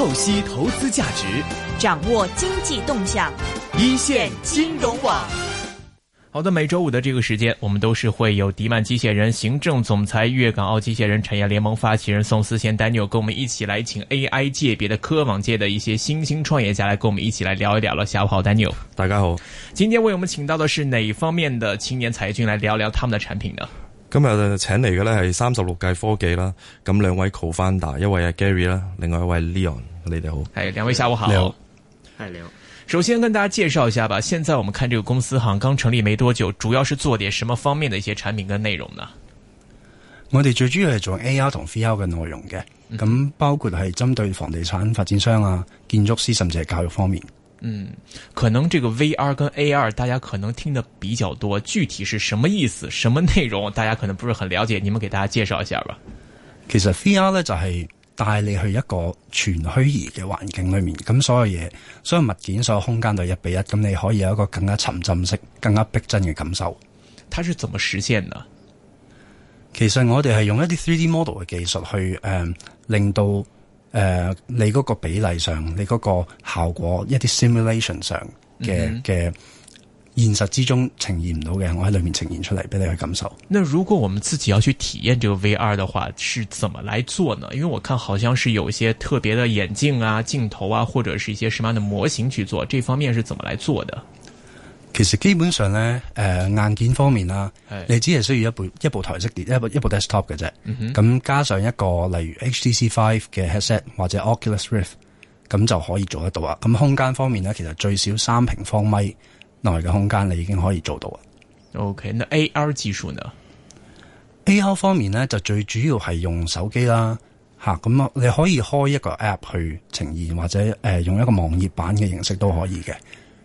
透析投資價值，掌握經濟動向，一線金融網。好的，每周五的這個時間，我們都是會有迪曼機械人行政總裁、粵港澳機械人產業聯盟發起人宋思賢 Daniel 跟我們一起來，請 AI 界別的科網界的一些新興創業家來跟我們一起來聊一聊了。下午好，Daniel。大家好，今天為我們請到的是哪方面的青年才俊來聊聊他們的產品呢？今日請嚟嘅，呢係三十六計科技啦，咁兩位 Co-founder，一位係 Gary 啦，另外一位 Leon。你好，兩位下午好。你好，係首先跟大家介紹一下吧。現在我們看這個公司，剛成立沒多久，主要是做點什麼方面的一些產品跟內容呢？我哋最主要係做 AR 同 VR 嘅內容嘅，咁包括係針對房地產發展商啊、建築師甚至係教育方面。嗯，可能這個 VR 跟 AR 大家可能聽得比較多，具體是什麼意思、什麼內容，大家可能不是很了解。你們給大家介紹一下吧。其實 VR 咧就係、是。帶你去一個全虛擬嘅環境裏面，咁所有嘢、所有物件、所有空間都係一比一，咁你可以有一個更加沉浸式、更加逼真嘅感受。它是怎麼實現的？其實我哋係用一啲 three D model 嘅技術去誒、呃，令到誒、呃、你嗰個比例上、你嗰個效果、一啲 simulation 上嘅嘅。嗯嗯的現實之中呈現唔到嘅，我喺裏面呈現出嚟俾你去感受。那如果我們自己要去體驗這個 VR 嘅話，是怎麼來做呢？因為我看好像是有一些特別嘅眼鏡啊、鏡頭啊，或者是一些什麼樣嘅模型去做，這方面是怎麼來做的？其實基本上咧，誒、呃、硬件方面啦、啊，你只係需要一部一部台式電一部 desktop 嘅啫，咁、嗯、哼加上一個例如 HTC Vive 嘅 headset 或者 Oculus Rift，咁就可以做得到啊。咁空間方面呢，其實最少三平方米。內嘅空間你已經可以做到啊！OK，那 AR 技術呢？AR 方面咧就最主要係用手機啦，吓、啊、咁你可以開一個 App 去呈現，或者誒、呃、用一個網頁版嘅形式都可以嘅。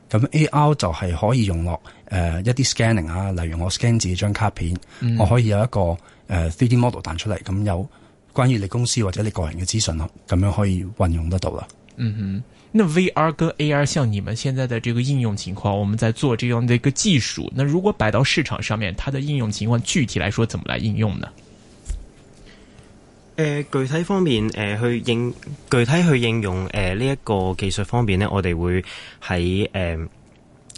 咁 AR 就係可以用落誒、呃、一啲 scanning 啊，例如我 scan 自己張卡片，嗯、我可以有一個誒 three D model 彈出嚟，咁有關於你公司或者你個人嘅資訊咯，咁樣可以運用得到啦。嗯哼。那 VR 跟 AR，像你們現在的這個應用情況，我們在做這樣的一個技術，那如果擺到市場上面，它的應用情況具體來說，怎麼來應用呢？誒、呃，具體方面誒去應，具體去應用誒呢一個技術方面呢，我哋會喺誒、呃、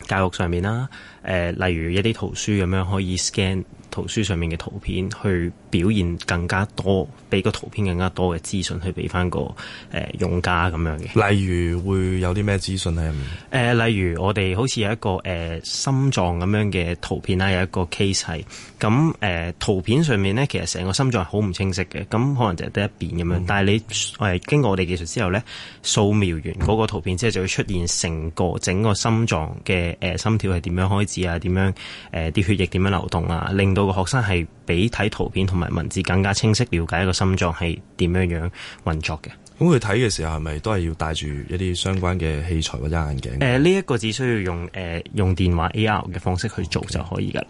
教育上面啦，誒、呃、例如一啲圖書咁樣可以 scan。圖書上面嘅圖片，去表現更加多，俾個圖片更加多嘅資訊去俾翻個誒、呃、用家咁樣嘅。例如會有啲咩資訊喺入面？誒、呃，例如我哋好似有一個誒、呃、心臟咁樣嘅圖片啦，有一個 case 咁誒、呃、圖片上面咧，其實成個心臟係好唔清晰嘅，咁可能就係得一邊咁樣。嗯、但係你誒經過我哋技術之後咧，掃描完嗰個圖片之後就會出現成個整個心臟嘅誒心跳係點樣開始啊，點樣誒啲、呃、血液點樣流動啊，令到。個學生係比睇圖片同埋文字更加清晰了解一個心臟係點樣樣運作嘅。咁佢睇嘅時候係咪都係要戴住一啲相關嘅器材或者眼鏡？誒、呃，呢一個只需要用誒、呃、用電話 A R 嘅方式去做就可以㗎喇。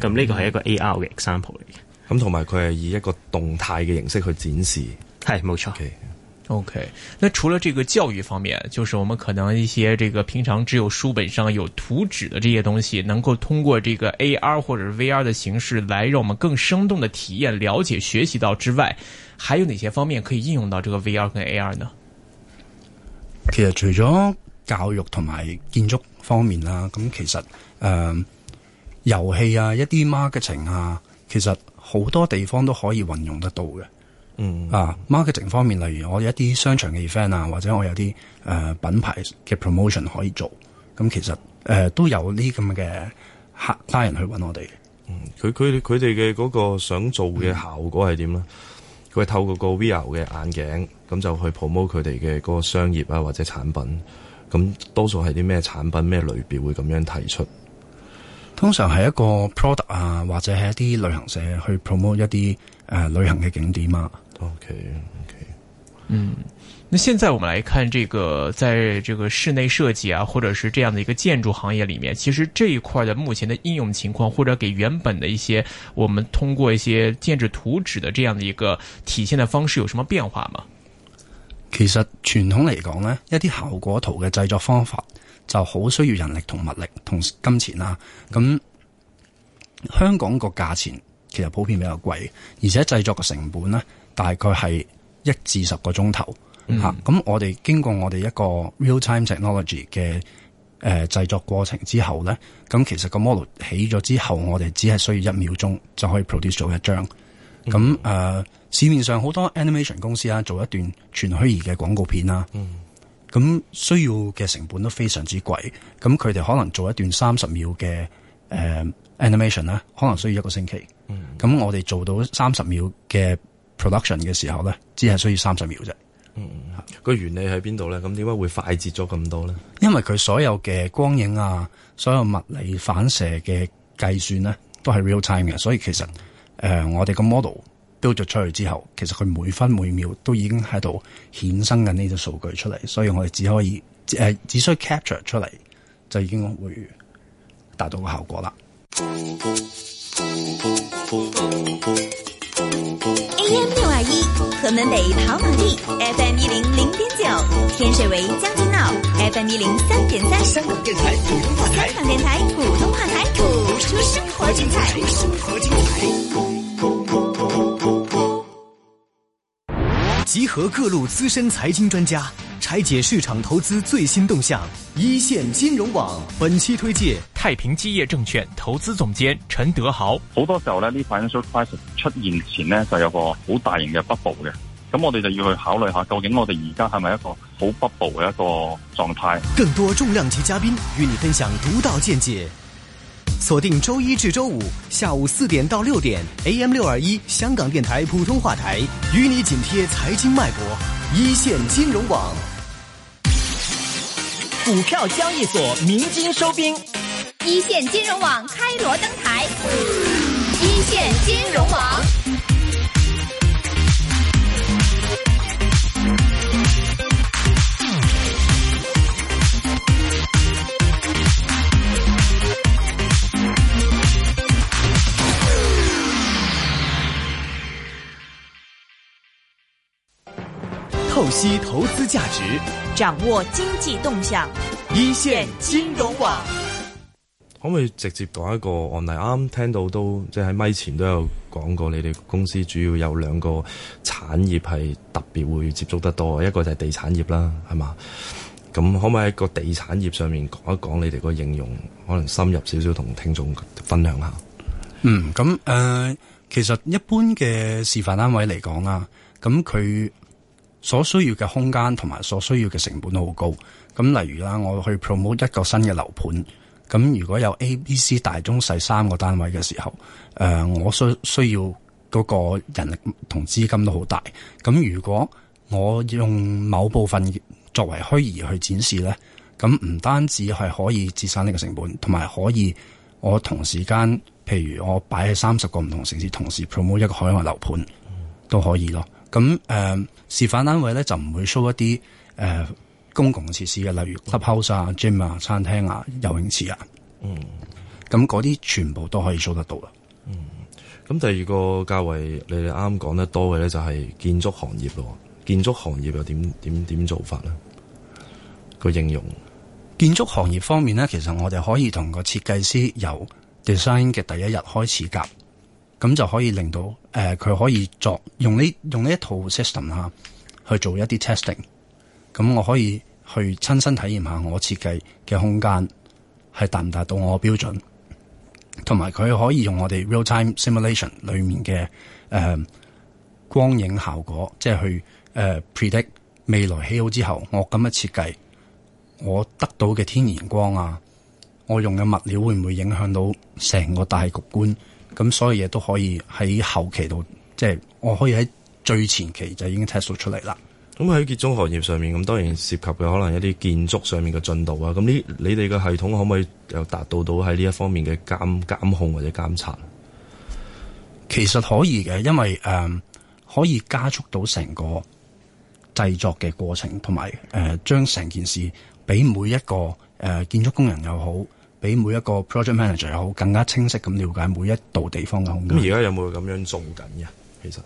咁呢 Okay. 個係一個 A R 嘅 example 嚟嘅。咁同埋佢係以一個動態嘅形式去展示。係，冇錯。Okay. OK，那除了這個教育方面，就是我們可能一些這個平常只有書本上有圖紙的這些東西，能夠通過這個 AR 或者 VR 的形式，來讓我們更生動的體驗、了解、學習到之外，還有哪些方面可以應用到這個 VR 跟 AR 呢？其實除咗教育同埋建築方面啦，咁其實誒、呃、遊戲啊，一啲 marketing 啊，其實好多地方都可以運用得到嘅。嗯啊，marketing 方面，例如我有啲商場嘅 event 啊，或者我有啲誒、呃、品牌嘅 promotion 可以做，咁其實誒、呃、都有呢咁嘅客客人去搵我哋。嗯，佢佢佢哋嘅嗰個想做嘅效果係點咧？佢係、嗯、透過個 VR 嘅眼鏡咁就去 promote 佢哋嘅嗰個商業啊，或者產品，咁多數係啲咩產品咩類別會咁樣提出？通常係一個 product 啊，或者係一啲旅行社去 promote 一啲誒、呃、旅行嘅景點啊。OK OK，嗯，那現在我們來看這個，在這個室內設計啊，或者是這樣的一個建築行業裏面，其實這一塊的目前的應用情況，或者給原本的一些我們通過一些建築圖紙的這樣的一個體現的方式有什麼變化嗎？其實傳統嚟講呢，一啲效果圖嘅製作方法就好需要人力同物力同金錢啦。咁香港個價錢其實普遍比較貴，而且製作嘅成本呢。大概係一至十個鐘頭，吓咁、嗯啊、我哋經過我哋一個 real time technology 嘅誒製作過程之後咧，咁其實個 model 起咗之後，我哋只係需要一秒鐘就可以 produce 咗一張。咁誒、嗯啊，市面上好多 animation 公司、啊、做一段全虛擬嘅廣告片啦、啊，咁、嗯啊、需要嘅成本都非常之貴。咁佢哋可能做一段三十秒嘅誒、呃嗯啊、animation 咧、啊，可能需要一個星期。咁、嗯啊、我哋做到三十秒嘅。production 嘅時候咧，只係需要三十秒啫。嗯，個原理喺邊度咧？咁點解會快捷咗咁多咧？因為佢所有嘅光影啊，所有物理反射嘅計算咧，都係 real time 嘅。所以其實誒、呃，我哋個 model 標咗出去之後，其實佢每分每秒都已經喺度衍生緊呢啲數據出嚟。所以我哋只可以誒、呃，只需 capture 出嚟就已經會達到個效果啦。南北跑馬地 FM 一零零點九，天水圍將軍澳 FM 一零三點三。香港電台普通話台，香港電台普通話台，播出生活精彩。播出生活精彩。集合各路資深財經專家，拆解市場投資最新動向。一線金融網本期推介：太平基業證券投資總監陳德豪。好多時候呢呢款 asset crisis 出現前呢就有個好大型嘅不報嘅。咁我哋就要去考慮下，究竟我哋而家係咪一個好不部嘅一個狀態？更多重量級嘉賓與你分享獨到見解，鎖定周一至周五下午四點到六點，AM 六二一香港電台普通話台，與你緊貼財經脈搏，一線金融網，股票交易所鳴金收兵，一線金融網開鑼登台，一線金融網。透析投資價值，掌握經濟動向，一線金融網，可唔可以直接講一個案例？啱聽到都即係喺咪前都有講過，你哋公司主要有兩個產業係特別會接觸得多，一個就係地產業啦，係嘛？咁可唔可以喺個地產業上面講一講你哋個應用？可能深入少少同聽眾分享下嗯。嗯、咁、嗯、誒，其實一般嘅示範單位嚟講啊，咁佢。所需要嘅空間同埋所需要嘅成本都好高，咁例如啦，我去 promote 一個新嘅樓盤，咁如果有 A、B、C 大中細三個單位嘅時候，呃，我需需要嗰個人力同資金都好大。咁如果我用某部分作為虛擬去展示咧，咁唔單止係可以節省呢個成本，同埋可以我同時間，譬如我擺喺三十個唔同城市同時 promote 一個海外樓盤、嗯、都可以咯。咁、呃示範單位咧就唔會 show 一啲誒、呃、公共設施嘅，例如 clubhouse 啊、gym 啊、餐廳啊、游泳池啊。嗯，咁嗰啲全部都可以 show 得到啦。嗯，咁第二個價位，你哋啱講得多嘅咧就係建築行業喎。建築行業又點點點做法咧？個應用建築行業方面咧，其實我哋可以同個設計師由 design 嘅第一日開始夾。咁就可以令到，誒、呃、佢可以作用呢用呢一套 system 吓、啊、去做一啲 testing、嗯。咁我可以去親身體驗下我設計嘅空間係達唔達到我嘅標準，同埋佢可以用我哋 real time simulation 裏面嘅，誒、呃、光影效果，即係去誒、呃、predict 未來起好之後我咁樣一設計我得到嘅天然光啊，我用嘅物料會唔會影響到成個大局觀。咁所有嘢都可以喺後期度，即係我可以喺最前期就已經 test 出嚟啦。咁喺建築行業上面，咁當然涉及嘅可能一啲建築上面嘅進度啊。咁呢，你哋嘅系統可唔可以又達到到喺呢一方面嘅監監控或者監察？其實可以嘅，因為誒、嗯、可以加速到成個製作嘅過程，同埋誒將成件事俾每一個誒、呃、建築工人又好。俾每一個 project manager 好更加清晰咁了解每一道地方嘅空間。咁而家有冇咁樣做緊嘅？其實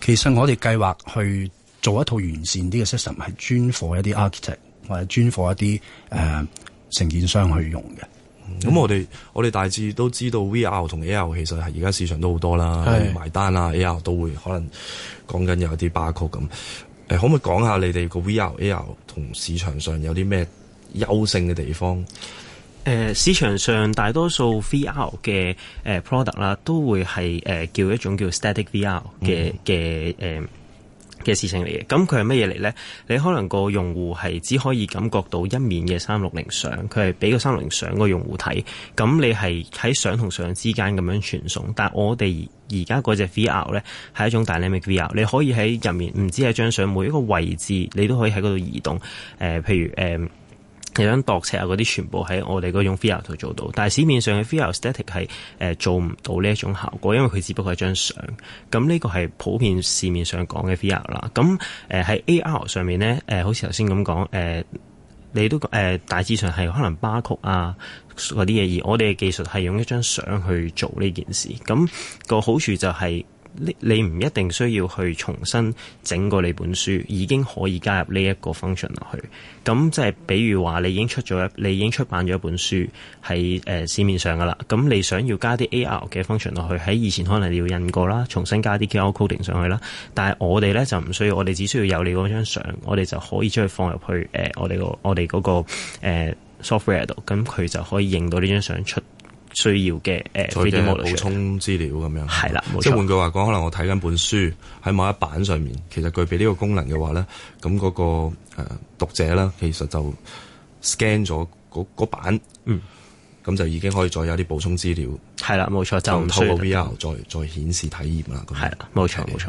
其實我哋計劃去做一套完善啲嘅 system，係專貨一啲 architect 或者專貨一啲誒承建商去用嘅、嗯。咁我哋我哋大致都知道 VR 同 AR 其實係而家市場都好多啦，埋是買單啦、啊，AR 都會可能講緊有一啲巴曲咁。誒，可唔可以講下你哋個 VR、AR 同市場上有啲咩優勝嘅地方？Uh, 市場上大多數 VR 嘅、uh, product 啦，都會係、uh, 叫一種叫 static VR 嘅嘅嘅事情嚟嘅。咁佢係乜嘢嚟咧？你可能個用戶係只可以感覺到一面嘅三六零相，佢係俾個三六零相個用戶睇。咁你係喺相同相之間咁樣傳送。但我哋而家嗰隻 VR 咧係一種 dynamic VR，你可以喺入面唔止係張相，每一個位置你都可以喺嗰度移動。Uh, 譬如、uh, 你想度尺啊？嗰啲全部喺我哋嗰種 VR 度做到，但係市面上嘅 VR static 係誒、呃、做唔到呢一種效果，因為佢只不過係張相。咁呢個係普遍市面上講嘅 VR 啦。咁誒喺 AR 上面咧，誒、呃、好似頭先咁講誒，你都誒、呃、大致上係可能巴曲啊嗰啲嘢，而我哋嘅技術係用一張相去做呢件事。咁、那個好處就係、是。你你唔一定需要去重新整過你本書，已經可以加入呢一個 function 落去。咁即係，比如話你已經出咗一，你已經出版咗一本書喺、呃、市面上噶啦。咁你想要加啲 AR 嘅 function 落去，喺以前可能你要印過啦，重新加啲 QR coding 上去啦。但係我哋咧就唔需要，我哋只需要有你嗰張相，我哋就可以將佢放入去誒、呃、我哋我哋嗰、嗰個 software 度，咁、呃、佢就可以認到呢張相出。需要嘅誒，呃、再嘅補充資料咁樣係啦，即係換句話講可能我睇緊本書喺某一版上面，其實具備呢個功能嘅話咧，咁嗰、那個誒、呃、讀者啦，其實就 scan 咗嗰嗰版，嗯，咁就已經可以再有啲補充資料，係啦，冇錯就透過 VR 再再顯示體驗啦，咁係啦，冇錯冇錯。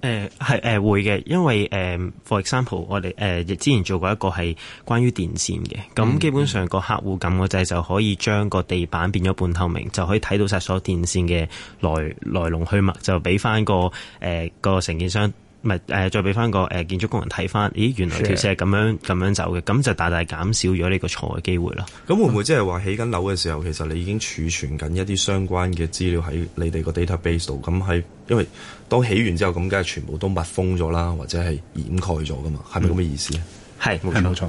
誒，係誒、呃呃、會嘅，因為誒、呃、for example，我哋誒、呃，之前做過一個係關於電線嘅，咁基本上個客戶撳個掣就可以將個地板變咗半透明，就可以睇到晒所有電線嘅來來龍去脈，就俾翻個誒、呃、個承建商。咪誒、呃、再俾翻個誒、呃、建築工人睇翻，咦原來條線係咁樣咁的樣走嘅，咁就大大減少咗呢個錯嘅機會啦。咁會唔會即係話起緊樓嘅時候，其實你已經儲存緊一啲相關嘅資料喺你哋個 database 度？咁係因為當起完之後，咁梗係全部都密封咗啦，或者係掩蓋咗噶嘛？係咪咁嘅意思啊？係冇、嗯、錯。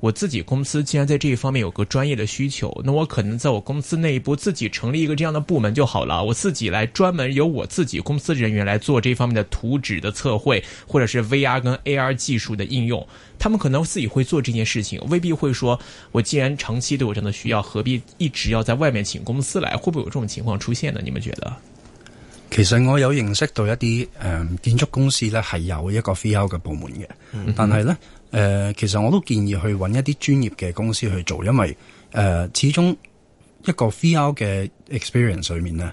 我自己公司既然在這一方面有個專業的需求，那我可能在我公司內部自己成立一個這樣的部門就好了。我自己來專門由我自己公司人員來做這方面的圖紙的測繪，或者是 VR 跟 AR 技術的應用。他們可能自己會做這件事情，未必會說，我既然長期對我這樣的需要，何必一直要在外面請公司來？會不會有這種情況出現呢？你們覺得？其實我有認識到一啲、呃、建築公司呢，是有一個 VR 嘅部門嘅，嗯、哼但是呢……誒、呃，其實我都建議去揾一啲專業嘅公司去做，因為誒、呃，始終一個 VR 嘅 experience 裏面咧，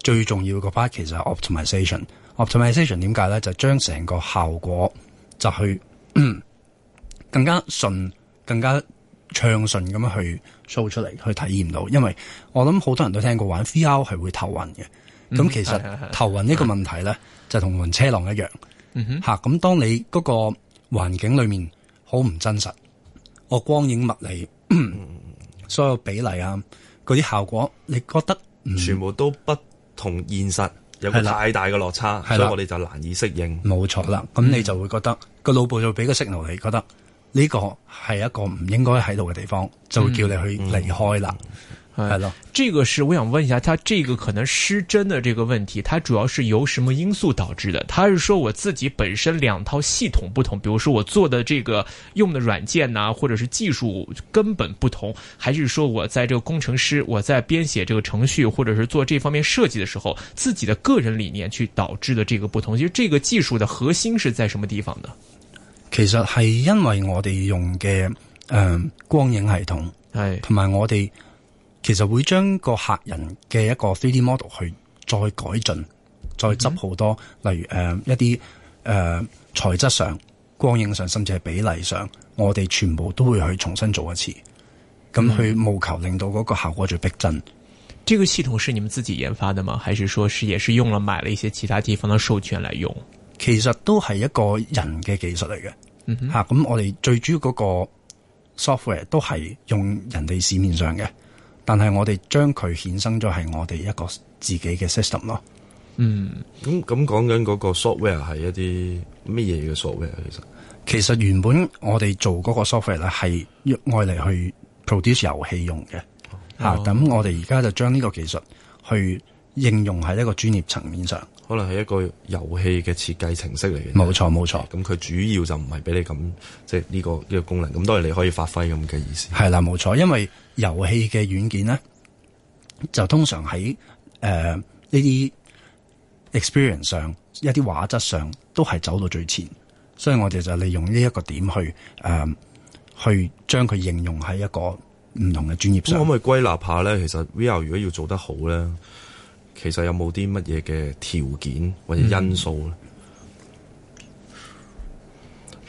最重要個 part 其實係 optimization。optimization 點解咧？就將成個效果就去更加順、更加暢順咁樣去 show 出嚟，去體驗到。因為我諗好多人都聽過玩 VR 係會頭暈嘅。咁、嗯、其實頭暈呢個問題咧，嗯、就同暈車浪一樣。吓、嗯哼，咁、啊、當你嗰個環境裏面。好唔真實，我光影物理， 所有比例啊，嗰啲效果，你覺得、嗯、全部都不同現實，有個太大嘅落差，的所以我哋就難以適應。冇錯啦，咁你就會覺得個腦、嗯、部就俾個信號你，覺得呢個係一個唔應該喺度嘅地方，就會叫你去離開啦。嗯嗯。哎、的這個是我想問一下，它這個可能失真的這個問題，它主要是由什麼因素導致的？他是說我自己本身兩套系統不同，比如說我做的這個用的軟件呐、啊，或者是技術根本不同，還是說我在這個工程師，我在編寫這個程序或者是做這方面設計的時候，自己的個人理念去導致的這個不同？其實這個技術的核心是在什麼地方呢？其實係因為我哋用嘅，嗯、呃、光影系統系同埋我哋。其實會將個客人嘅一個 3D model 去再改進，再執好多，嗯、例如誒、呃、一啲誒材質上、光影上，甚至係比例上，我哋全部都會去重新做一次，咁去務求令到嗰個效果最逼真、嗯。這個系統是你們自己研發的嗎？還是說是也是用了買了一些其他地方的授權來用？其實都係一個人嘅技術嚟嘅，吓咁、嗯哼啊、我哋最主要嗰個 software 都係用人哋市面上嘅。但係我哋將佢衍生咗係我哋一個自己嘅 system 咯。嗯，咁咁講緊嗰個 software 係一啲乜嘢嘅 software？其實其實原本我哋做嗰個 software 咧係愛嚟去 produce 遊戲用嘅吓，咁、哦啊、我哋而家就將呢個技術去應用喺一個專業層面上。可能係一個遊戲嘅設計程式嚟嘅，冇錯冇錯。咁佢主要就唔係俾你咁，即係呢個呢、這個功能。咁都係你可以發揮咁嘅意思。係啦，冇錯。因為遊戲嘅軟件咧，就通常喺誒呢啲 experience 上，一啲畫質上都係走到最前。所以我哋就利用呢一個點去誒、呃，去將佢應用喺一個唔同嘅專業上。咁可唔可以歸納下咧，其實 VR 如果要做得好咧。其實有冇啲乜嘢嘅條件或者因素咧？Mm hmm.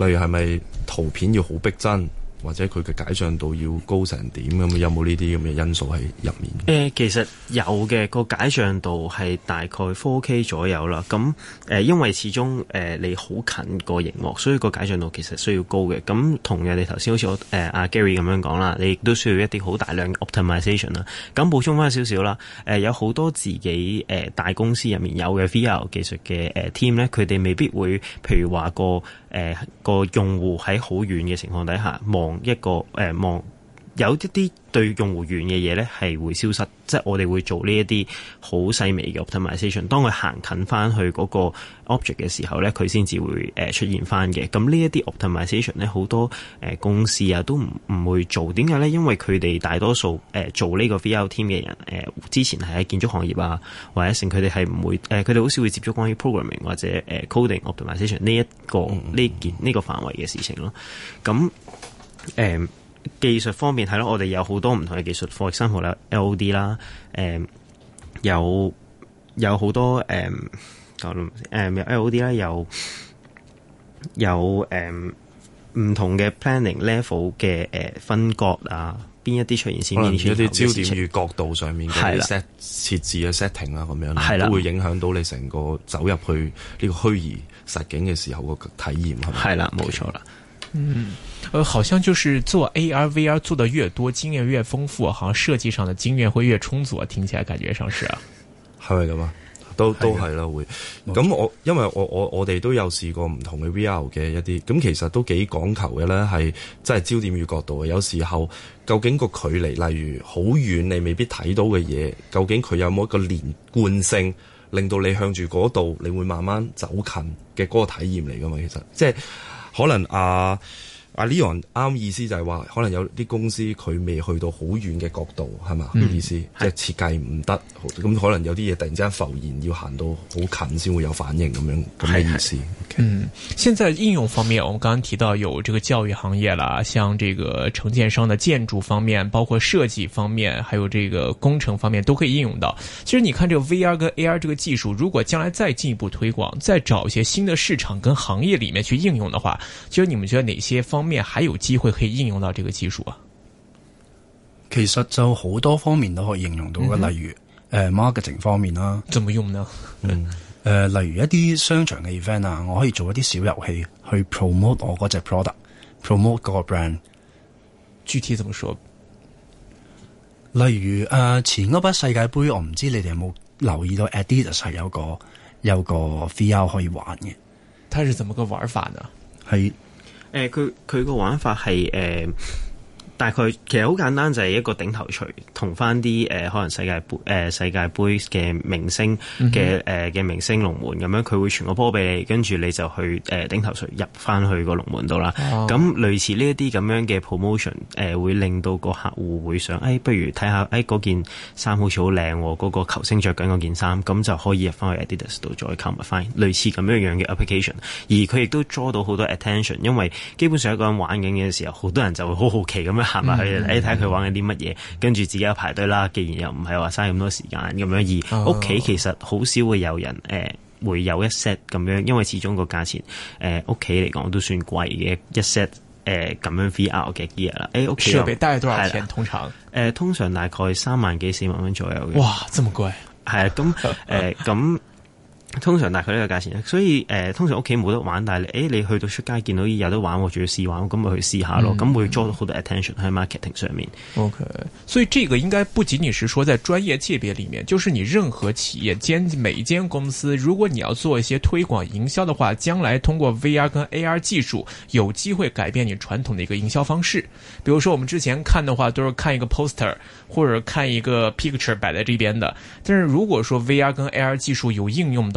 例如係咪圖片要好逼真？或者佢嘅解像度要高成點咁？有冇呢啲咁嘅因素喺入面？誒其實有嘅個解像度係大概 4K 左右啦。咁誒因為始終誒你好近個熒幕，所以個解像度其實需要高嘅。咁同樣你頭先好似誒阿 Gary 咁樣講啦，你亦都需要一啲好大量嘅 optimization 啦。咁補充翻少少啦。誒有好多自己誒大公司入面有嘅 VR 技術嘅誒 team 咧，佢哋未必會譬如話個誒個用戶喺好遠嘅情況底下望。一個誒望、呃、有一啲對用戶遠嘅嘢咧，係會消失，即、就、係、是、我哋會做呢一啲好細微嘅 optimization。當佢行近翻去嗰個 object 嘅時候咧，佢先至會誒、呃、出現翻嘅。咁呢一啲 optimization 咧，好多誒、呃、公司啊都唔唔會做。點解咧？因為佢哋大多數誒、呃、做呢個 VR team 嘅人，誒、呃、之前係喺建築行業啊，或者成佢哋係唔會誒，佢、呃、哋好少會接觸關於 programming 或者誒、呃、coding optimization 呢一個呢、嗯、件呢、這個範圍嘅事情咯。咁誒、嗯，技術方面係咯，我哋有好多唔同嘅技術，例如新豪啦、L O D 啦、嗯，誒，有有好多誒，誒，L O D 啦，有、嗯、有誒，唔、嗯、同嘅 planning level 嘅誒分割啊，邊一啲出現先？現可能一啲焦點與角度上面嘅的 set 設置啊、setting 啊咁樣，係啦，都會影響到你成個走入去呢個虛擬實景嘅時候個體驗，係啦的，冇錯啦，的錯嗯。呃，好像就是做 AR、VR 做得越多，經驗越豐富，好像設計上的經驗會越充足。聽起來感覺上是、啊，係咪咁啊？都都係啦的會。咁錯我因為我我我哋都有試過唔同嘅 VR 嘅一啲，咁其實都幾講求嘅呢，係真係焦點與角度。有時候究竟個距離，例如好遠，你未必睇到嘅嘢，究竟佢有冇一個連貫性，令到你向住嗰度，你會慢慢走近嘅嗰個體驗嚟噶嘛？其實即係可能啊。阿 Leon 啱意思就係話可能有啲公司佢未去到好遠嘅角度，係嘛？嗯，咁意思，是即係設計唔得，咁可能有啲嘢，突然之間浮現要行到好近先會有反應，咁樣，咁嘅意思。嗯，現在應用方面，我剛剛提到有這個教育行業啦，像這個承建商的建築方面，包括設計方面，還有這個工程方面都可以應用到。其實你看，這個 VR 跟 AR 這個技術，如果將來再進一步推廣，再找一些新的市場跟行業裏面去應用的話，其實你們覺得哪些方面？面還有機會可以應用到這個技術啊？其實就好多方面都可以應用到嘅。嗯、哼例如誒、呃、marketing 方面啦。怎麼用呢誒、嗯呃，例如一啲商場嘅 event 啊，我可以做一啲小遊戲去 promote 我 product，嗯、promote 我嗰隻 product，promote 嗰個 brand。具體怎麼說？例如誒、呃，前嗰把世界杯，我唔知你哋有冇留意到，Adidas 係有個有個 VR 可以玩嘅。它是怎麼個玩法呢？係。誒，佢佢個玩法係誒。欸大概其實好簡單就係、是、一個頂頭錘同翻啲誒可能世界盃、呃、世界杯嘅明星嘅誒嘅明星龍門咁樣佢會傳個波俾你，跟住你就去誒、呃、頂頭錘入翻去個龍門度啦。咁、oh. 類似呢一啲咁樣嘅 promotion 誒、呃、會令到個客戶會想誒、哎、不如睇下誒嗰件衫好似好靚喎，嗰、那個、球星着緊嗰件衫，咁就可以入翻去 Adidas 度再購物翻。類似咁樣樣嘅 application，而佢亦都 draw 到好多 attention，因為基本上一個人玩緊嘅時候，好多人就會好好奇咁樣。行埋去，睇睇佢玩緊啲乜嘢，嗯嗯、跟住自己有排隊啦。既然又唔係話嘥咁多時間咁樣，而屋企其實好少會有人誒、呃，會有一 set 咁樣，因為始終個價錢誒，屋企嚟講都算貴嘅一 set 誒，咁、呃、樣 VR 嘅 gear 啦。誒、哎，屋企設備大概多少錢？啦通常誒、呃，通常大概三萬幾四萬蚊左右嘅。哇，這麼貴！係啊、呃、咁、呃、誒、咁、呃。呃呃呃呃通常大概呢個價錢，所以誒、呃，通常屋企冇得玩，但係誒、欸，你去到出街見到有得玩，我仲要試玩，咁咪去試下咯。咁、嗯、會 draw 好多 attention 喺 marketing 上面。OK，所以這個應該不僅僅是說在專業界別裏面，就是你任何企業兼每一間公司，如果你要做一些推廣營銷的話，將來通過 VR 跟 AR 技術，有機會改變你傳統的一個營銷方式。比如說我們之前看的話，都是看一個 poster 或者看一個 picture 擺在這邊的，但是如果說 VR 跟 AR 技術有應用的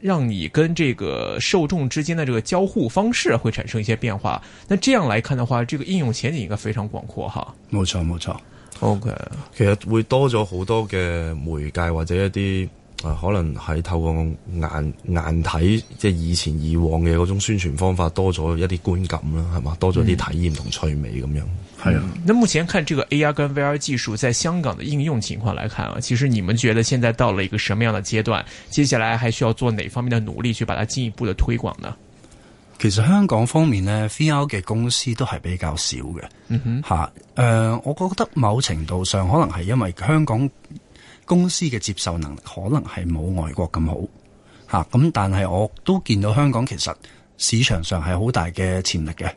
讓你跟這個受眾之間的這個交互方式會產生一些變化。那這樣來看的話，這個應用前景應該非常廣闊哈。沒錯，沒錯。OK，其實會多咗好多嘅媒介或者一啲。呃、可能喺透過眼眼睇，即係以前以往嘅嗰種宣傳方法多了，多咗一啲觀感啦，係嘛，多咗啲體驗同趣味咁、嗯、樣。係、啊嗯、那目前看這個 A R 跟 V R 技術在香港的應用情況來看啊，其實你們覺得現在到了一個什麼樣的階段？接下來還需要做哪方面的努力去把它進一步的推廣呢？其實香港方面呢 V R 嘅公司都係比較少嘅，嗯哼，吓、啊，誒、呃，我覺得某程度上可能係因為香港。公司嘅接受能力可能係冇外國咁好吓，咁但係我都見到香港其實市場上係好大嘅潛力嘅吓，咁、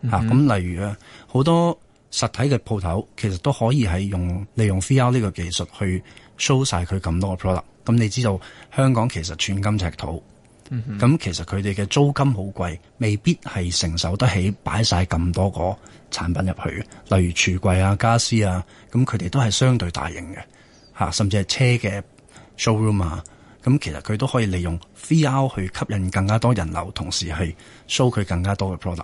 嗯哼啊、例如咧，好多實體嘅鋪頭其實都可以係用利用 VR 呢個技術去 show 晒佢咁多 product。咁你知道香港其實寸金尺土，咁、嗯、哼其實佢哋嘅租金好貴，未必係承受得起擺晒咁多個產品入去，例如櫥櫃啊、家俬啊，咁佢哋都係相對大型嘅。嚇，甚至係車嘅 showroom 啊，咁其實佢都可以利用 VR 去吸引更加多人流，同時係 show 佢更加多嘅 product。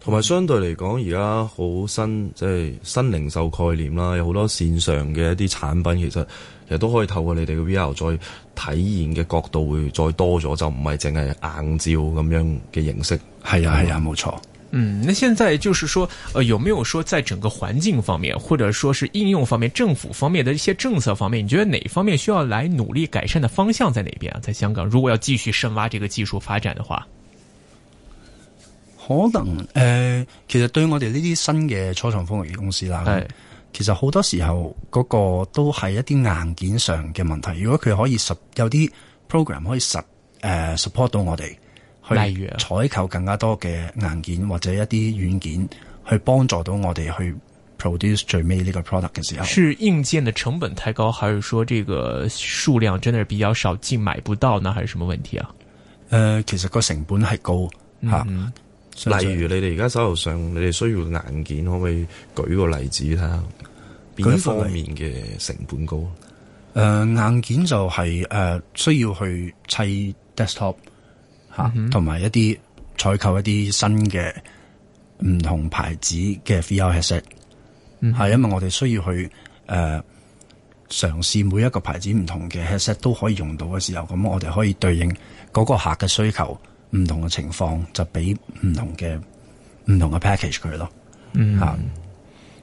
同埋相對嚟講，而家好新即係新零售概念啦，有好多線上嘅一啲產品，其實其實都可以透過你哋嘅 VR 再體驗嘅角度會再多咗，就唔係淨係硬照咁樣嘅形式。係啊，係啊，冇錯。嗯，那現在就是說，呃，有沒有說在整個環境方面，或者說是應用方面、政府方面的一些政策方面，你覺得哪方面需要來努力改善的方向在哪邊啊？在香港，如果要繼續深挖這個技術發展的話，可能誒、呃，其實對我哋呢啲新嘅初創科技公司啦，係是，其實好多時候嗰個都係一啲硬件上嘅問題。如果佢可以實有啲 program 可以實誒、呃、support 到我哋。例如採購更加多嘅硬件或者一啲軟件去幫助到我哋去 produce 最尾呢個 product 嘅時候，是硬件嘅成本太高，還是說這個數量真係比較少，即買不到呢？還是什麼問題啊？誒、呃，其實個成本係高吓。例如你哋而家手頭上你哋需要嘅硬件，可唔可以舉個例子睇下邊方面嘅成本高？誒、嗯呃，硬件就係、是、誒、呃、需要去砌 desktop。同埋一啲採購一啲新嘅唔同牌子嘅 VR headset，係、嗯、因為我哋需要去誒嘗試每一個牌子唔同嘅 headset 都可以用到嘅時候，咁我哋可以對應嗰個客嘅需求，唔同嘅情況就俾唔同嘅唔同嘅 package 佢咯，吓、嗯。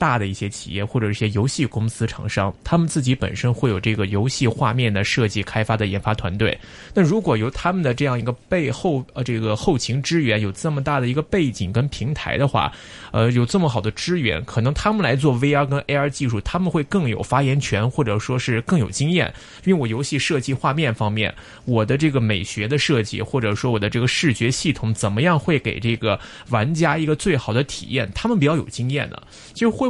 大的一些企業或者一些遊戲公司廠商，他們自己本身會有這個遊戲畫面的設計開發的研發團隊。那如果由他們的這樣一個背後呃這個後勤支援，有這麼大的一個背景跟平台的話，呃有這麼好的支援，可能他們來做 VR 跟 AR 技術，他們會更有發言權或者說是更有經驗。因為我遊戲設計畫面方面，我的這個美學的設計或者說我的這個視覺系統怎麼樣會給這個玩家一個最好的體驗，他們比較有經驗的就會。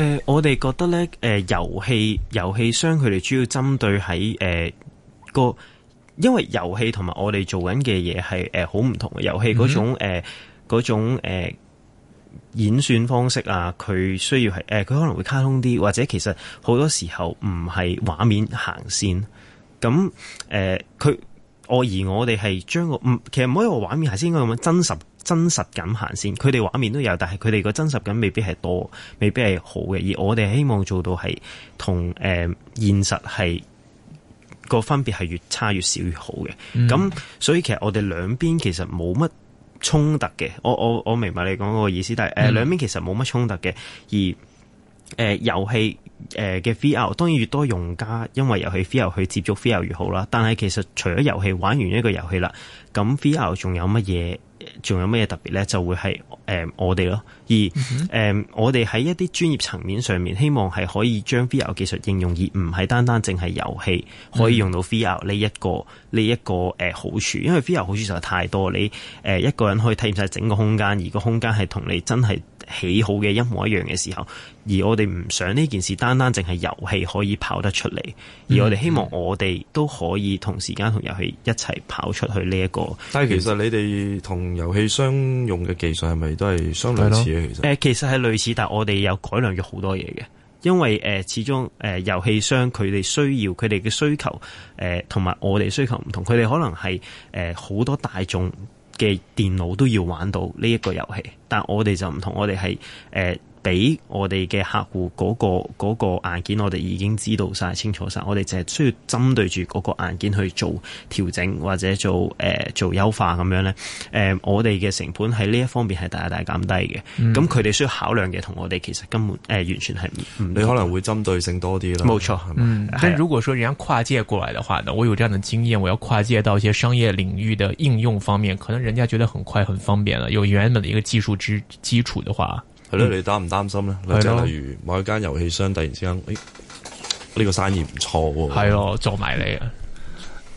誒、呃，我哋覺得咧，誒、呃，遊戲遊戲商佢哋主要針對喺誒、呃、個，因為遊戲、呃、同埋我哋做緊嘅嘢係誒好唔同嘅，遊戲種誒、呃、種誒、呃、演算方式啊，佢需要係誒佢可能會卡通啲，或者其實好多時候唔係畫面行先，咁誒佢我而我哋係將個唔，其實唔可以話畫面行先，應該咁樣真實。真實感行先，佢哋畫面都有，但係佢哋個真實感未必係多，未必係好嘅。而我哋希望做到係同誒現實係個分別係越差越少越好嘅。咁、嗯、所以其實我哋兩邊其實冇乜衝突嘅。我我我明白你講嗰個意思，但係誒、呃、兩邊其實冇乜衝突嘅。而誒、呃，遊戲，誒嘅 VR 當然越多用家，因為遊戲 VR 去接觸 VR 越好啦。但係其實除咗遊戲玩完一個遊戲啦，咁 VR 仲有乜嘢？仲有乜嘢特別咧？就會係誒、呃、我哋咯。而誒、呃、我哋喺一啲專業層面上面，希望係可以將 VR 技術應用，而唔係單單淨係遊戲可以用到 VR 呢、這、一個呢一、這個誒、呃、好處。因為 VR 好處就係太多，你誒、呃、一個人可以體驗晒整個空間，而個空間係同你真係。起好嘅一模一樣嘅時候，而我哋唔想呢件事單單淨係遊戲可以跑得出嚟，嗯、而我哋希望我哋都可以同時間同遊戲一齊跑出去呢、這、一個。但係其實你哋同遊戲商用嘅技術係咪都係相類似嘅？是的其實，誒，其實係類似，但係我哋有改良咗好多嘢嘅，因為誒始終誒遊戲商佢哋需要佢哋嘅需求，誒同埋我哋需求唔同，佢哋可能係誒好多大眾。嘅電腦都要玩到呢一個遊戲，但我哋就唔同，我哋係誒。俾我哋嘅客戶嗰個嗰個硬件，我哋已經知道晒，清楚晒。我哋淨係需要針對住嗰個硬件去做調整或者做誒、呃、做優化咁樣咧。誒、呃，我哋嘅成本喺呢一方面係大大減低嘅。咁佢哋需要考量嘅同我哋其實根本誒、呃、完全係唔同嘅。你可能會針對性多啲啦，冇錯錯吧、嗯。但係如果說人家跨界過嚟嘅話，呢我有這樣嘅經驗，我要跨界到一些商業領域嘅應用方面，可能人家覺得很快很方便啦。有原本嘅一個技術之基礎嘅話。係咯，你擔唔擔心咧？嗯、例如某一間遊戲商突然之間，誒的，呢、哎這個生意唔錯喎。係咯，做埋你啊！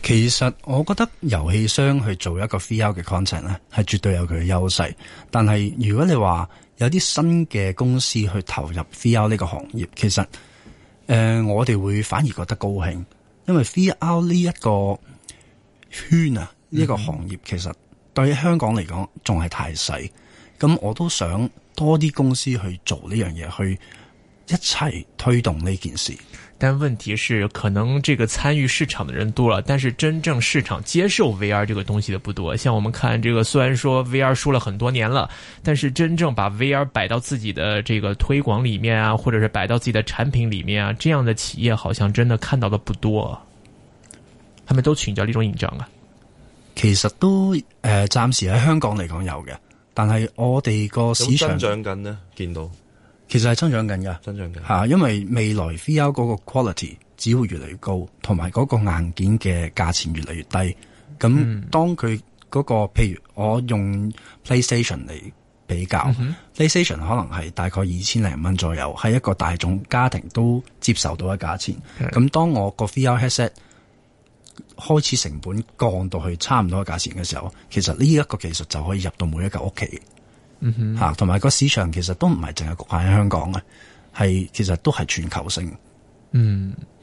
其實我覺得遊戲商去做一個 VR 嘅 content 咧，係絕對有佢嘅優勢。但係如果你話有啲新嘅公司去投入 VR 呢個行業，其實誒、呃，我哋會反而覺得高興，因為 VR 呢一個圈啊，呢、這個行業、嗯、其實對香港嚟講仲係太細。咁我都想。多啲公司去做呢樣嘢，去一齊推動呢件事。但問題是，可能這個參與市場的人多了，但是真正市場接受 VR 這個東西的不多。像我們看這個，雖然說 VR 說了很多年了，但是真正把 VR 擺到自己的這個推廣裏面啊，或者是擺到自己的產品裏面啊，這樣的企業好像真的看到的不多。係咪都存在呢種現象啊？其實都誒、呃，暫時喺香港嚟講有嘅。但係我哋個市場增長緊呢，見到其實係增長緊噶增長緊吓，因為未來 VR 嗰個 quality 只會越嚟越高，同埋嗰個硬件嘅價錢越嚟越低。咁、嗯、當佢嗰、嗰個，譬如我用 PlayStation 嚟比較、嗯、哼，PlayStation 可能係大概二千零蚊左右，係一個大眾家庭都接受到嘅價錢。咁是當我個 VR headset 開始成本降到去差唔多嘅價錢嘅時候，其實呢一個技術就可以入到每一個屋企，吓、嗯哼，同埋、啊、個市場其實都唔係淨係局限喺香港嘅，係其實都係全球性，嗯。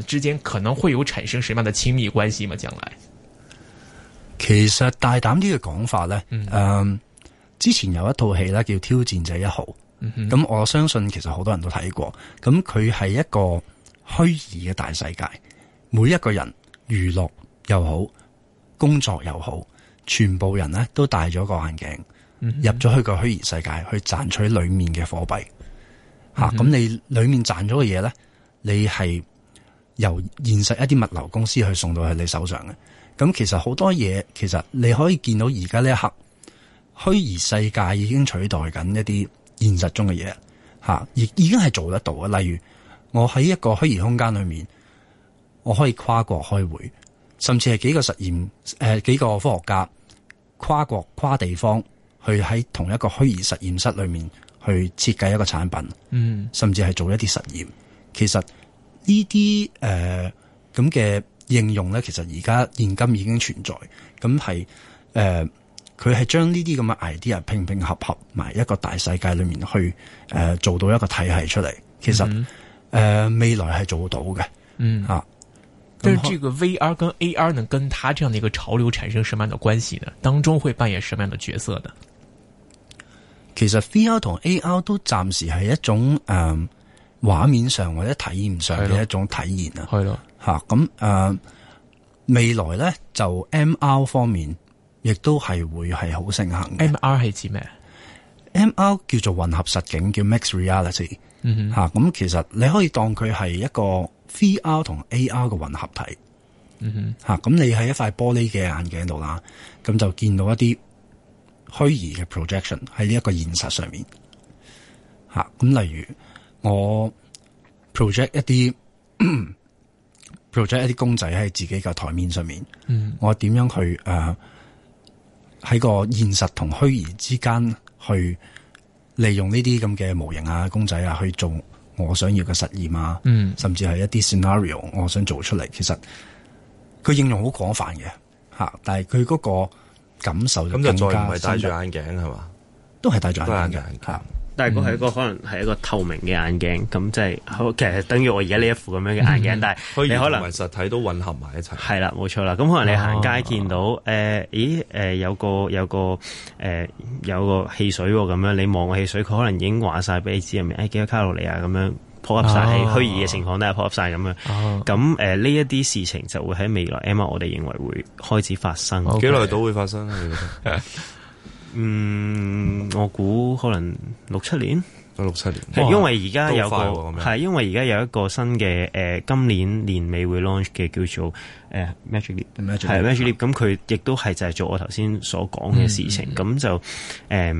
之間可能會有產生什麼樣的親密關係嘛？將來其實大膽啲嘅講法呢、嗯嗯，之前有一套戲啦，叫《挑戰者一號》，咁、嗯、哼我相信其實好多人都睇過。咁佢係一個虛擬嘅大世界，每一個人娛樂又好，工作又好，全部人呢都戴咗個眼鏡、嗯、哼入咗去個虛擬世界去賺取裏面嘅貨幣。吓、嗯哼，咁、啊、你裏面賺咗嘅嘢呢，你係。由現實一啲物流公司去送到去你手上嘅，咁其實好多嘢其實你可以見到而家呢一刻，虛擬世界已經取代緊一啲現實中嘅嘢，嚇，亦已經係做得到嘅。例如，我喺一個虛擬空間裏面，我可以跨國開會，甚至係幾個實驗誒、呃、幾個科學家跨國跨地方去喺同一個虛擬實驗室裏面去設計一個產品，嗯，甚至係做一啲實驗，其實。呢啲誒咁嘅應用咧，其實而家現今已經存在，咁係誒佢係將呢啲咁嘅 idea 拼拼合合埋一個大世界裏面去誒、呃、做到一個體系出嚟，其實誒、嗯呃、未來係做到嘅，嗯啊。但係這個 VR 跟 AR 能跟他這樣的個潮流產生什麼樣嘅關係呢？當中會扮演什麼樣的角色呢？其實 VR 同 AR 都暫時係一種誒，呃畫面上或者體驗上嘅一種體驗的啊，係咯，咁未來咧就 M R 方面亦都係會係好盛行嘅。M R 係指咩？M R 叫做混合實景，叫 Mixed Reality、嗯哼。咁、啊、其實你可以當佢係一個 V R 同 A R 嘅混合體。咁、嗯哼啊、你喺一塊玻璃嘅眼鏡度啦，咁就見到一啲虛擬嘅 projection 喺呢一個現實上面咁，啊、例如。我 project 一啲 project 一啲 project 一啲公仔喺自己嘅台面上面，嗯、我點樣去誒喺、呃、個現實同虛擬之間去利用呢啲咁嘅模型啊、公仔啊去做我想要嘅實驗啊，嗯、甚至係一啲 scenario，我想做出嚟，其實佢應用好廣泛嘅吓，但係佢嗰個感受咁就再唔係戴住眼鏡係嘛？都係戴住眼鏡。戴但係佢係一個可能係一個透明嘅眼鏡，咁即係好，其實等於我而家呢一副咁樣嘅眼鏡。 但係虛擬可能實體都混合埋一齊。係啦，冇錯啦。咁可能你行街見到誒、啊呃，咦、呃、有個有個誒、呃、有個汽水喎、哦，咁樣你望個汽水，佢可能已經話晒俾你知入面誒幾多卡路里啊，咁樣普及晒虛擬嘅情況都係普及晒。咁樣。咁誒呢一啲事情就會喺未來 MR，我哋認為會開始發生。幾耐都會發生？ 嗯，我估可能六七年，到六七年係、哦、因為而家有個係、啊、因為而家有一個新嘅誒、呃，今年年尾會 launch 嘅叫做誒、呃、Magic Leap，係 Magic Leap，咁佢亦都係就係做我頭先所講嘅事情，咁、嗯、就誒、呃，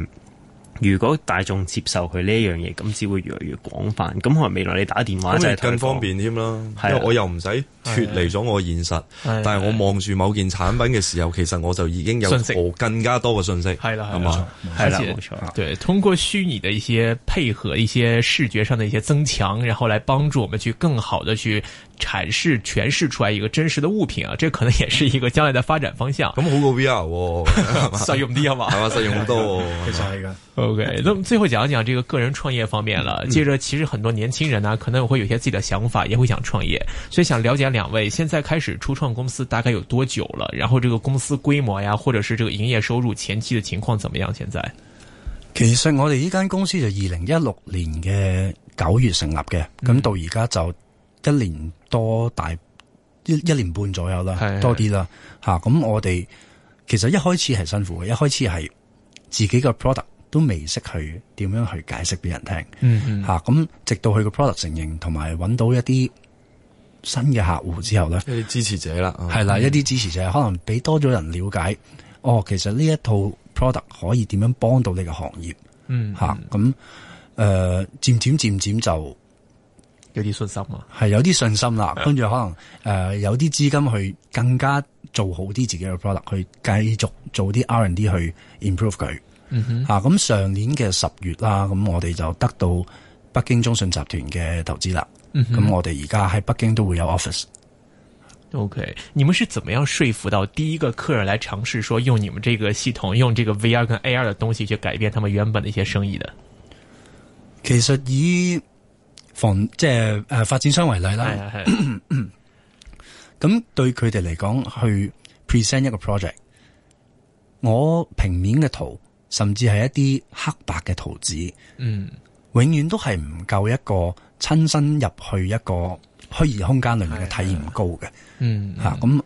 如果大眾接受佢呢一樣嘢，咁只會越嚟越廣泛，咁可能未來你打電話就更方便添啦，因為我又唔使。脫離咗我現實，但係我望住某件產品嘅時候，其實我就已經有更加多嘅信息。係啦，係嘛，係啦，冇錯。對，通過虛擬的一些配合，一些視覺上的一些增強，然後來幫助我們去更好地去闡釋、詮釋出來一個真實嘅物品啊！這可能也是一個將來嘅發展方向。咁好過 VR，實用啲啊嘛。係嘛，實用好多。其實係㗎。O.K.，咁最後講一講這個個人創業方面啦。接着，其實很多年輕人呢，可能會有些自己嘅想法，也會想創業，所以想了解兩位現在開始初創公司大概有多久了？然後這個公司規模呀，或者是這個營業收入前期的情況怎麼樣？現在其實我哋呢間公司就二零一六年嘅九月成立嘅，咁、嗯、到而家就一年多大一一年半左右啦，是是多啲啦。吓、啊，咁我哋其實一開始係辛苦嘅，一開始係自己嘅 product 都未識去點樣去解釋俾人聽。嗯、啊、嗯。吓、嗯，咁直到佢個 product 成型，同埋揾到一啲。新嘅客戶之後咧，一啲支持者啦，係啦的，嗯、一啲支持者可能俾多咗人了解，嗯、哦，其實呢一套 product 可以點樣幫到你嘅行業，嗯，吓咁，誒，漸漸漸漸就有啲信心啊，係有啲信心啦，跟住的可能誒、呃、有啲資金去更加做好啲自己嘅 product，去繼續做啲 R&D 去 improve 佢，嗯吓哼咁上年嘅十月啦，咁我哋就得到北京中信集團嘅投資啦。嗯，咁我哋而家喺北京都會有 office。OK，你們是怎麼樣說服到第一個客人來嘗試說用你們這個系統，用這個 VR 跟 AR 的東西去改變他們原本的一些生意的？其實以房即係誒、呃、發展商為例啦，係係 。咁 對佢哋嚟講，去 present 一個 project，我平面嘅圖，甚至係一啲黑白嘅圖紙，嗯。永遠都係唔夠一個親身入去一個虛擬空間裏面嘅體驗高嘅，嗯吓咁、啊，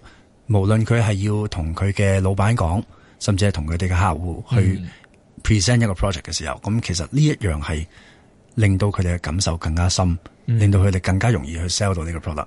無論佢係要同佢嘅老板講，甚至係同佢哋嘅客戶去 present 一個 project 嘅時候，咁、嗯、其實呢一樣係令到佢哋嘅感受更加深，嗯、令到佢哋更加容易去 sell 到呢個 product。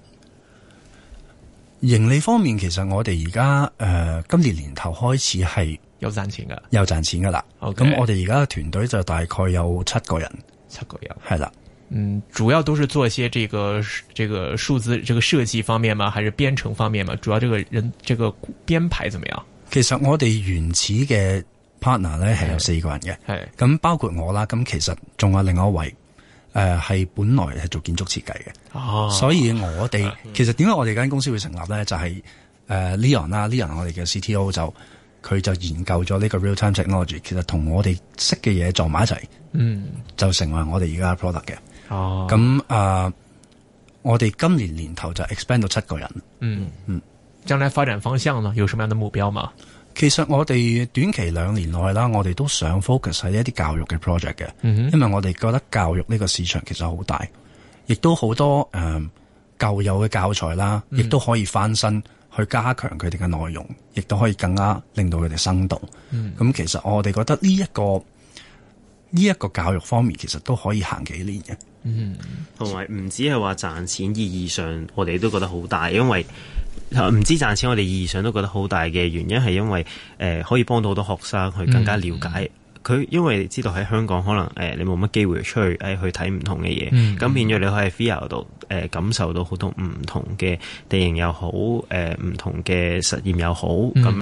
盈利方面，其實我哋而家，誒、呃，今年年頭開始係有賺錢噶，有賺錢噶啦。咁我哋而家嘅團隊就大概有七個人，七個人係啦。的嗯，主要都係做一些這個、這個數字、這個設計方面嘛，還是編程方面嘛？主要這個人、這個編排怎麼樣？其實我哋原始嘅 partner 呢係有四個人嘅，係咁的包括我啦。咁其實仲有另外一位。誒，係、呃、本來係做建築設計嘅，啊、所以我哋、啊嗯、其實點解我哋間公司會成立咧？就係、是、誒、呃、Leon 啦，Leon 我哋嘅 CTO 就佢就研究咗呢個 real time technology，其實同我哋識嘅嘢撞埋一齊，嗯，就成為我哋而家 product 嘅。哦，咁啊，呃、我哋今年年頭就 expand 到七個人。嗯嗯，嗯將來發展方向呢？有什麼樣的目標嘛？其實我哋短期兩年內啦，我哋都想 focus 喺一啲教育嘅 project 嘅，因為我哋覺得教育呢個市場其實好大，亦都好多誒舊、嗯、有嘅教材啦，亦都可以翻新，去加強佢哋嘅內容，亦都可以更加令到佢哋生動。咁、嗯、其實我哋覺得呢、呢、一個呢一、呢個教育方面，其實都可以行幾年嘅。嗯，同埋唔止係話賺錢，意義上我哋都覺得好大，因為。唔知賺錢，時我哋意義上都覺得好大嘅原因係因為誒、呃、可以幫到好多學生去更加了解佢，嗯、因為知道喺香港可能誒、呃、你冇乜機會出去、呃、去睇唔同嘅嘢，咁變咗你可以喺 VR 度、呃、感受到好多唔同嘅地形又好誒唔、呃、同嘅實驗又好，咁、嗯、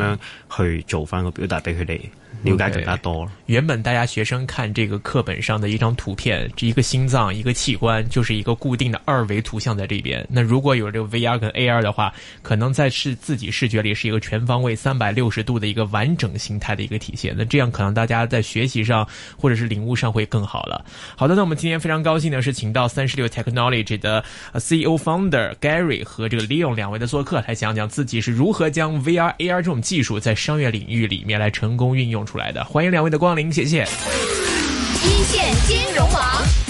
樣去做翻個表達俾佢哋。靈感給他多了。Okay, okay. 原本大家學生看這個課本上的一張圖片，這一個心臟一個器官就是一個固定的二維圖像在這邊。那如果有這個 VR 跟 AR 的話，可能在視自己視覺裏是一個全方位三百六十度的一個完整形態的一個體現。那這樣可能大家在學習上或者是領悟上會更好了。好的，那我們今天非常高興的是請到三十六 Technology 的 Co-Founder Gary 和這個 Leon 兩位的做客，來講講自己是如何將 VR AR 這種技術在商業領域裏面來成功運用。出來的，歡迎兩位的光臨，謝謝。一線金融王。